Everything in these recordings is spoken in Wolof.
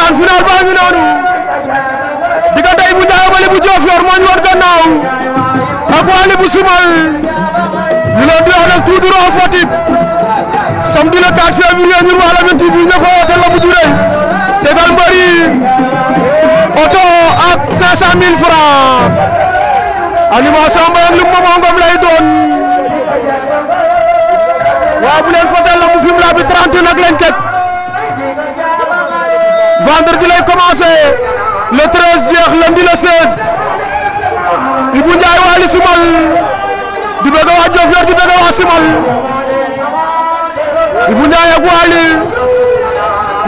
ndeysaan final baa ngi noonu diggante Ibou Ndiaye ak Waly bu Diofior moo ñu war gannaaw ak Waly bu Simal ñu leen di wax nag tout droit Fatick samedi le 4 février ñun wax la TV ñu ko hôtel la bu jure tegal oto ak 500000 francs animation mbay ak lu mu moom lay doon waaw bu leen la bu film la bi 30 nag lañ teg. vendredi lay commencé le 13 jeex lundi le 16 Ibou Ndiaye Waly Simal di bëgg waa Diofior di bëgg waa Simal Ibou Ndiaye ak Waly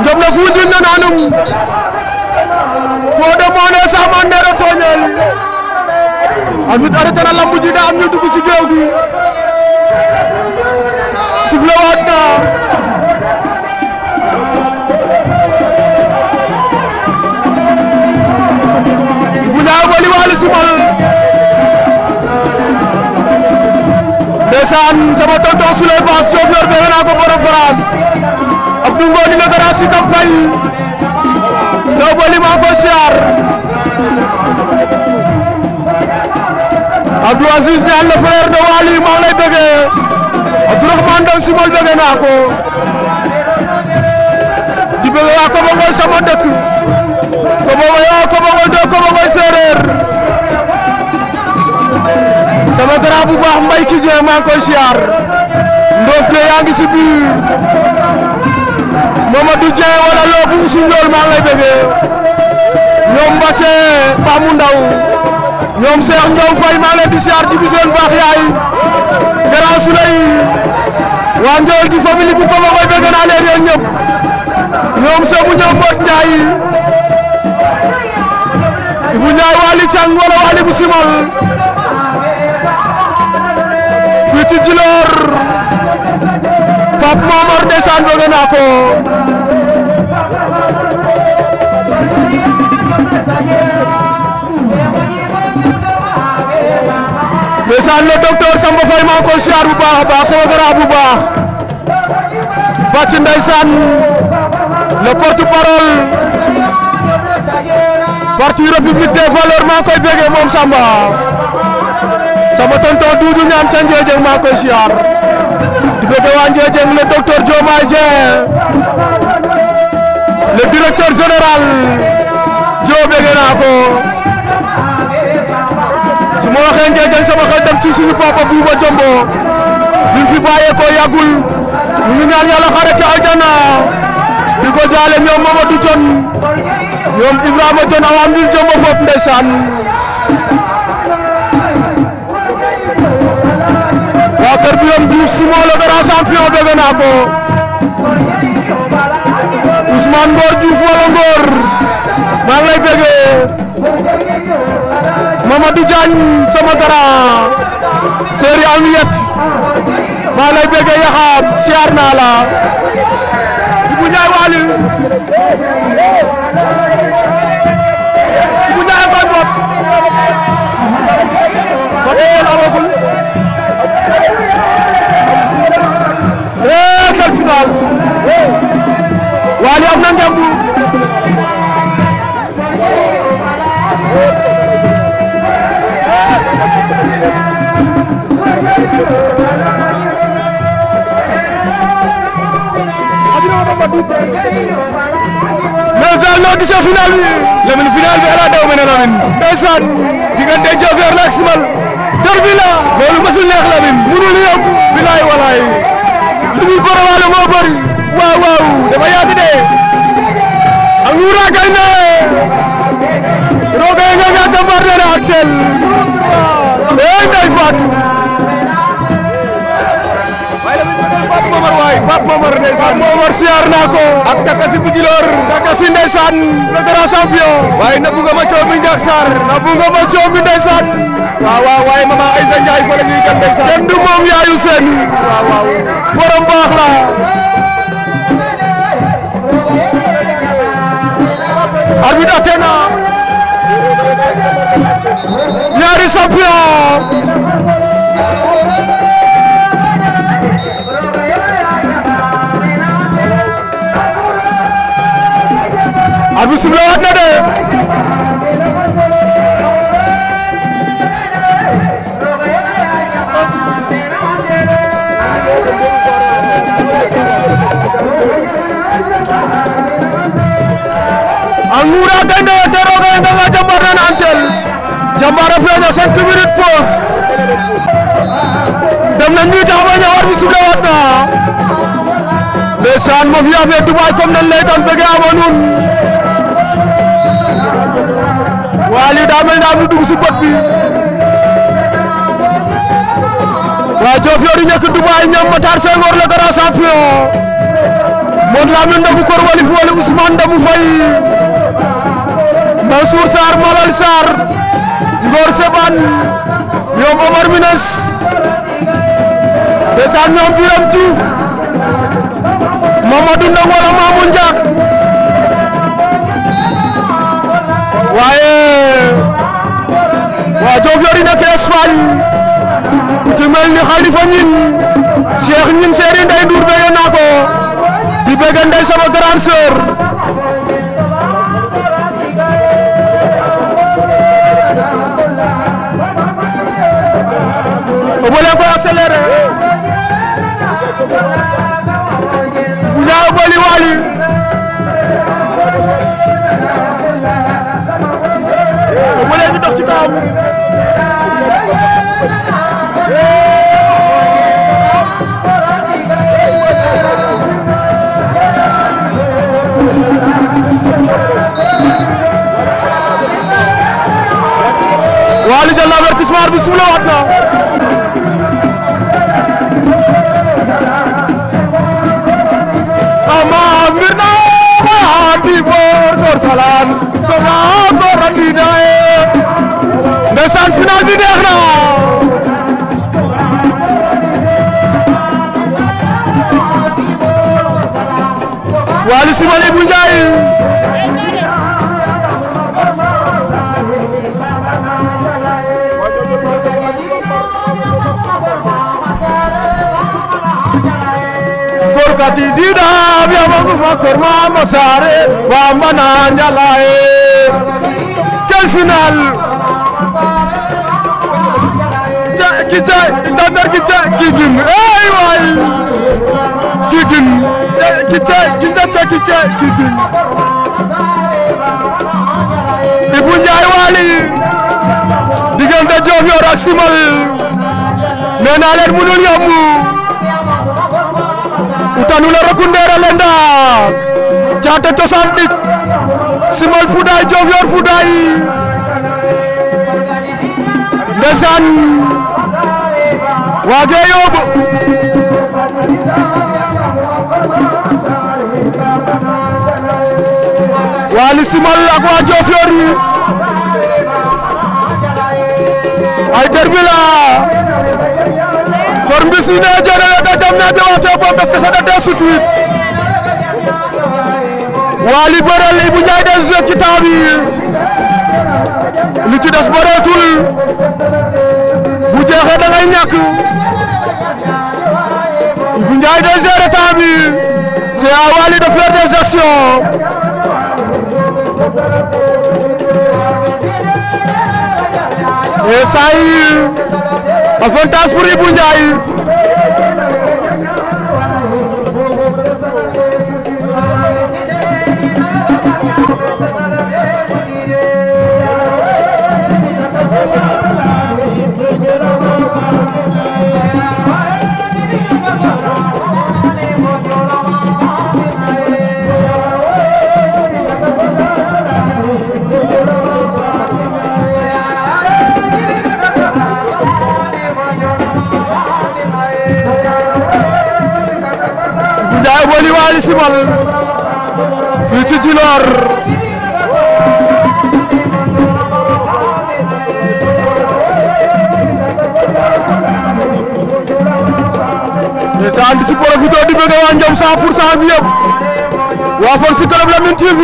njom na fuujil na naanum foo de moo ne sax man neera tooñeel amit arrêté na lamb ji daa am ñu dugg si gi sifle waat naa ndeysaan sama tonton Souley Bass Diop yor bëgg naa ko borom France Abdou Ngoni la gën a si campagne ndaw ba li maa ko siyaar Abdou Aziz ñaan le frère de Wali maa ngi lay bëggee Abdourahmane Ndaw Simal bëgg naa ko di bëgg waa Kobangoy sama dëkk Kobangoy waa Kobangoy doo Kobangoy séeréer sama grand bu baax Mbaye Kizé maa ngi koy siyaar Ndof Gueye yaa ngi si biir Mamadou Dieng wala loo bu njool maa lay bëggee ñoom Mbacke Paamu Ndaw ñoom Cheikh Ndiaw Faye maa leen di siyaar di seen baax yaay grand Souley waa Ndiol di famille bu Pama koy naa leen yéen ñëpp ñoom Seydou Ndiaye Mbodj Ndiaye Ibou Ndiaye Waly Thiam wala Waly bu Simal. ci Djilor Pape Momar ndeysaan bëgg naa ko ndeysaan le docteur Samba Faye maa ko siyaar bu baax a baax sama grand bu baax bàcc ndeysaan le porte parole parti république des valeurs maa koy bëggee moom Samba sama tonton Doudou Niane ca Ndiédiène maa koy siar di bëgg waa Ndiédiène le docteur Diomaye Dieng le directeur général Dio bëgg naa ko su ma waxee sama xel dem ci suñu papa Bouba Jombo bi fi bàyyeekoo yàggul ya ñu ngi ñaan yàlla xare aljana di ko jaale ñoom Mamadou Dione ñoom Ibrahima Dione awam ñu Jombo fop ndeysaan Birame Diouf Simon le grand champion bëgg naa ko Ousmane Ngor Diouf wala Ngor maa ngi lay bëggee Mamadou Diagne sama grand Serigne Amiet maa ngi lay bëggee Yaxaab siyaar naa la Ibou Ndiaye Waly noo gisee final bi. Lamine final bi ala daw ma ne Lamine. ndeysaan diggante Diofior la ak Simal. derby la. loolu mësul neex Lamine. munul yomb. bilaay walaay. li muy borowaale moo bëri. waaw waaw dafa yàgg de. ak wuuraakay ne. roogay nga nga jàmbaar de la ak teel. Pape merdesan, ndeysaan Pape Momar siyaar naa ko ak Takasi bu Djilor Takasi le grand champion waaye nabu nga ma coomi Ndiak Sarr nabu nga ma coomi ndeysaan waaw waaw waaye mama Aïssa Ndiaye fa la ñuy kan du borom la arbitre ñaari champion bi sub la waat na de Angura Gaindé Tero Gaindé nga Jambar nan antel Jambar a feeña cinq minutes pause dem nañ ñuy taxaw ba ñëwaat bi sub la waat na ndeysaan ma fiya fe Dubaay comme nañ lay tan bëgg amoon nun Wali da mel ne am na dugg bi wa jof yori ñek dubai ñam Matar Senghor le grand champion moom la mel ndagu kor walif wala Ousmane Ndamu Faye Mansour sar Malal Sar, Ngor Seban ñoom Omar minas desaan ñom diram Diouf Mamadou Ndao wala Mamoun ñin Cheikh ñin Serigne Ndeye Ndour naa ko di bëgg Ndeye sama grande sœur wala ko accéléré bu ñaaw bali wali wala ñu dox ci kawam bal bi neex na Wally Simbale bu Njaay kati dida biya mangu makor mama sare wa mana njalae quel final Kice, diktatör Kice, Kicin. Ey vay! Kicin. Kice, Kice, Kice, Kice, Kicin. Ibu Ndiaye Wally diggante Diofior ak Simal nee naa leen mënul yomb utanu la rokku ndeere lenda caate cosaan dik Simal Foudaye Diofior Foudaye ndeysaan waagee yóbbu Wally Simal ak waa Diofior yi ay derbi la kor mbisi ne jeenele ta jam ne tewate ko parce que ça date de suite Wally bërel Ibou Ndiaye des ci temps li ci des jeexee da ngay ñàkk Ibou Ndiaye day gérer temps bi c'est à Wally de faire des actions et saa yi avantage pour Ibou Ndiaye Ali Simal fii ci Djilor ndeysaan di si profité di bëgg waa si club Lamyn TV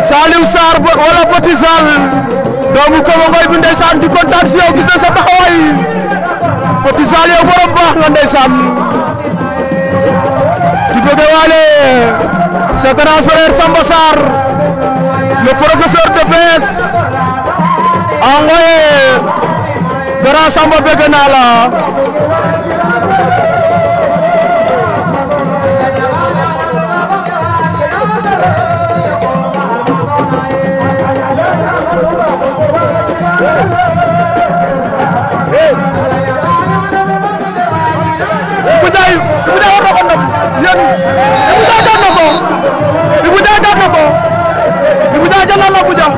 Saliou Sarr wala potisal, Sall doomu Koba Ngoy bi di kontaan si yow gis na potisal taxawaay Petit Sall bëgg sa grand frère Samba Sarr le professeur de PS envoyé grand Samba bëgg naa aca la lamb ja